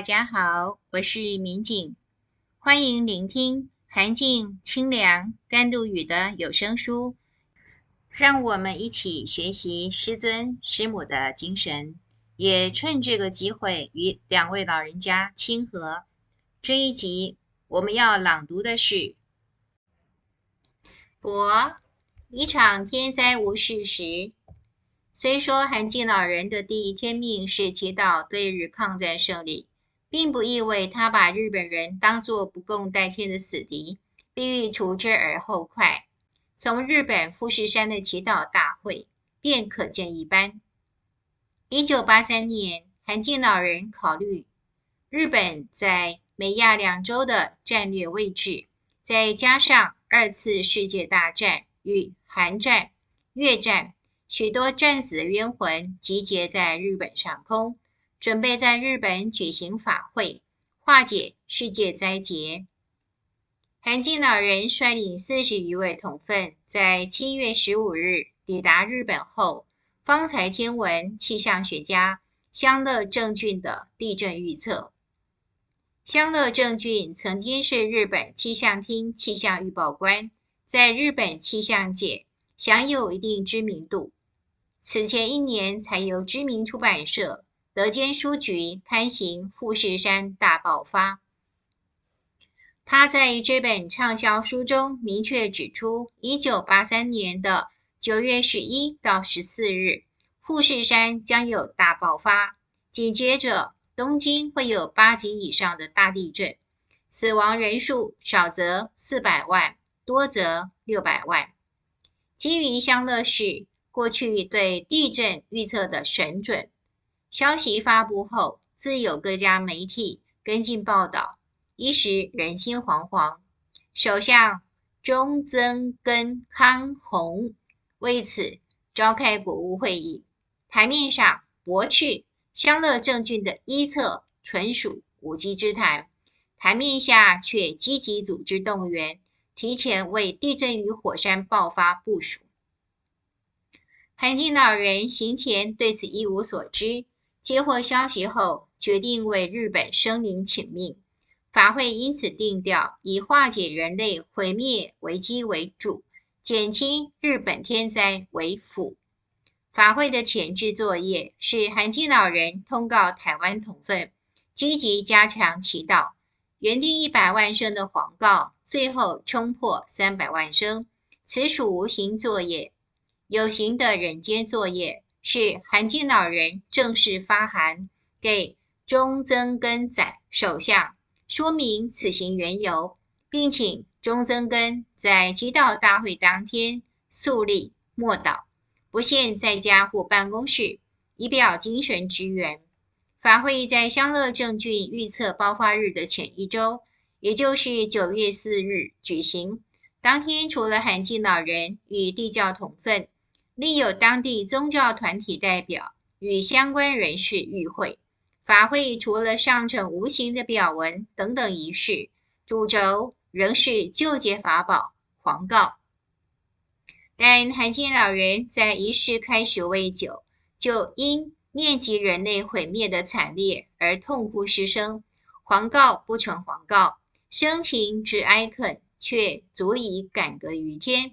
大家好，我是民警，歡迎聆聽涵靜、清涼、甘露雨的有聲書。讓我們一起學習師尊、師母的精神，也趁這個機會與兩位老人家親和。這一集我們要朗讀的是《博：一場天災無事時》，雖說涵靜老人的第一天命是祈禱對日抗戰勝利。並不意味他把日本人當作不共戴天的死敵，必欲除之而後快。從日本富士山的祈禱大會便可見一斑。一九八三年，涵靜老人考慮日本在美亞兩洲的戰略位置，再加上二次世界大戰與韓戰、越戰，許多戰死的冤魂集結在日本上空。準備在日本舉行法會，化解世界災劫。涵靜老人率領四十餘位同奮，在七月十五日抵達日本後，方才聽聞氣象學家相樂正俊的地震預測。相樂正俊曾經是日本氣象廳氣象預報官，在日本氣象界享有一定知名度。此前一年，才由知名出版社。德間書局刊行《富士山大爆發》。他在這本暢銷書中明確指出，一九八三年的九月十一到十四日，富士山將有大爆發，緊接着東京會有八級以上的大地震，死亡人數少則四百萬，多則六百萬。基於相樂氏過去對地震預測的神準。消息發佈後，自有各家媒體跟進報道，一時人心惶惶。首相中曾根康弘為此召開國務會議，台面上駁斥香樂正俊的一說純屬無稽之談；台面下卻積極組織動員，提前為地震與火山爆發部署。涵靜老人行前對此一無所知。接獲消息後，決定為日本生靈請命。法會因此定調，以化解人類毀滅危機為主，減輕日本天災為輔。法會的前置作業是涵靜老人通告台灣同奮，積極加強祈禱。原定一百萬聲的皇誥，最後衝破三百萬聲，此屬無形作業，有形的人間作業。是涵靜老人正式發函給中曾根宰首相，說明此行緣由，並請中曾根在祈禱大會當天肅立默禱，不限在家或辦公室，以表精神支援。法會在香樂政郡預測爆發日的前一周，也就是九月四日舉行。當天除了涵靜老人與帝教同奮。另有當地宗教團體代表與相關人士與會。法會除了上呈無形的表文等等儀式，主軸仍是救劫法寶皇誥。但涵靜老人在儀式開始未久，就因念及人類毀滅的慘烈而痛哭失聲，皇誥不成皇誥，生情之哀懇卻足以感格於天。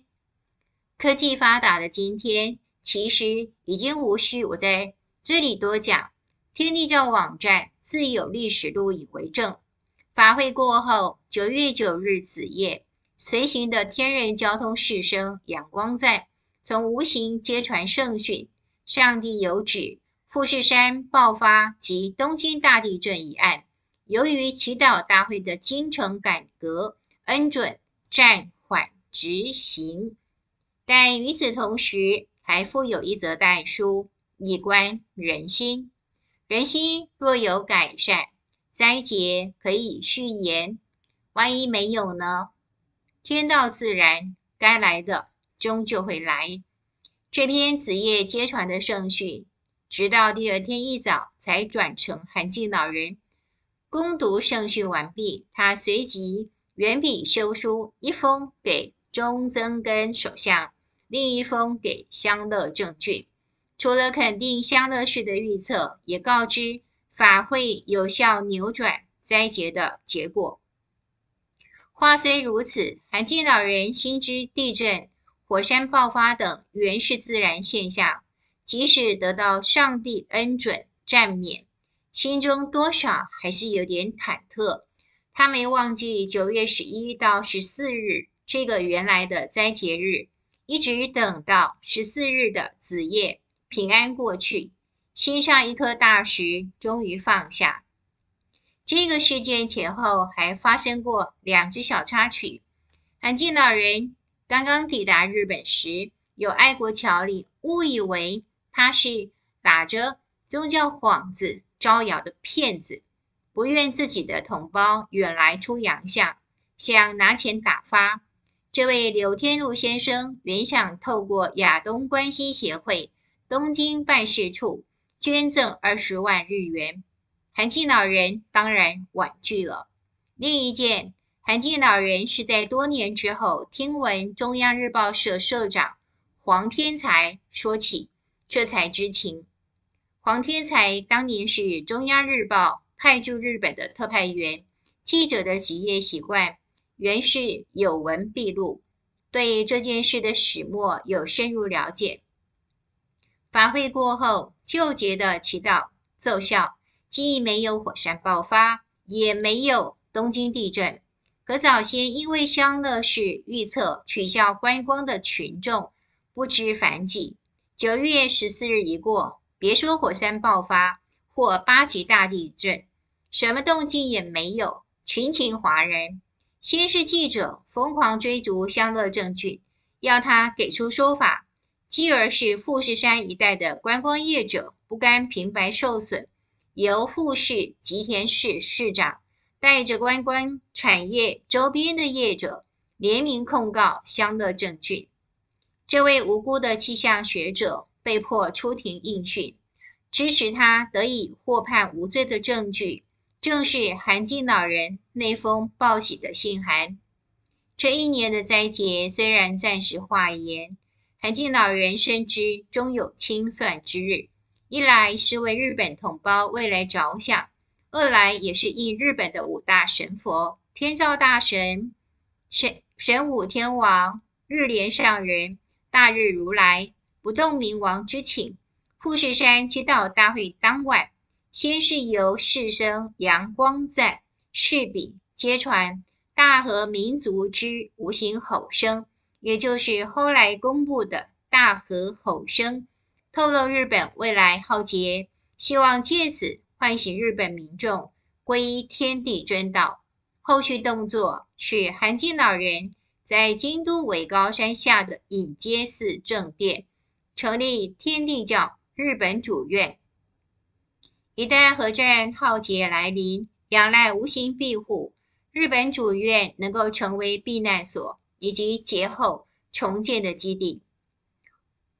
科技發達的今天，其實已經無需我在這裡多講。天帝教網站自有歷史錄影為證。法會過後，九月九日子夜，隨行的天人交通士生楊光在從無形接傳聖訓：上帝有旨，富士山爆發及東京大地震一案，由於祈禱大會的精誠感格，恩准暫緩執行。但與此同時，還附有一則代書，以觀人心。人心若有改善，災劫可以續延；萬一沒有呢？天道自然，該來的終究會來。這篇子夜接傳的聖訓，直到第二天一早才轉呈涵靜老人。攻讀聖訓完畢，他隨即援筆修書一封，給中曾根首相。另一封給香樂正俊，除了肯定香樂氏的預測，也告知法會有效扭轉災劫的結果。話雖如此，涵靜老人心知地震、火山爆發等原是自然現象，即使得到上帝恩准暫免，心中多少還是有點忐忑。他沒忘記九月十一到十四日這個原來的災劫日。一直等到十四日的子夜，平安過去，心上一顆大石終於放下。這個事件前後還發生過兩隻小插曲。涵靜老人剛剛抵達日本時，有愛國僑領誤以為他是打着宗教幌子招搖的騙子，不願自己的同胞遠來出洋相，想拿錢打發。這位劉天祿先生原想透過亞東關係協會東京辦事處捐贈二十萬日元，涵靜老人當然婉拒了。另一件，涵靜老人是在多年之後聽聞中央日報社社長黃天才說起，這才知情。黃天才當年是中央日報派駐日本的特派員，記者的職業習慣。原是有聞必錄，對這件事的始末有深入了解。法會過後，救劫的祈禱奏效，既沒有火山爆發，也沒有東京地震。可早先因為香樂寺預測取消觀光的群眾不知凡幾。九月十四日一過，別說火山爆發或八級大地震，什麼動靜也沒有，群情嘩然。先是記者瘋狂追逐香樂正俊，要他給出說法，繼而是富士山一帶的觀光業者不甘平白受損，由富士吉田市市長帶着觀光產業周邊的業者聯名控告香樂正俊。這位無辜的氣象學者被迫出庭應訊，支持他得以獲判無罪的證據。正是涵靜老人那封報喜的信函。這一年的災劫雖然暫時化延，涵靜老人深知終有清算之日。一來是為日本同胞未來着想，二來也是應日本的五大神佛——天照大神、神神武天王、日蓮上人、大日如來、不動明王之請。富士山祈禱大會當晚。先是由世生、楊光在、世筆揭傳大和民族之無形吼聲，也就是後來公布的大和吼聲，透露日本未來浩劫，希望借此喚醒日本民眾歸天帝真道。後續動作是涵靜老人在京都尾高山下的引接寺正殿成立天帝教日本主院。一旦核戰浩劫來臨，仰賴無形庇護，日本主院能夠成為避難所以及劫後重建的基地。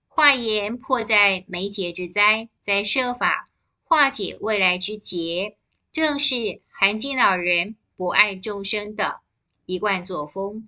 化言迫在眉睫之災，在設法化解未來之劫，正是寒金老人博愛眾生的一貫作風。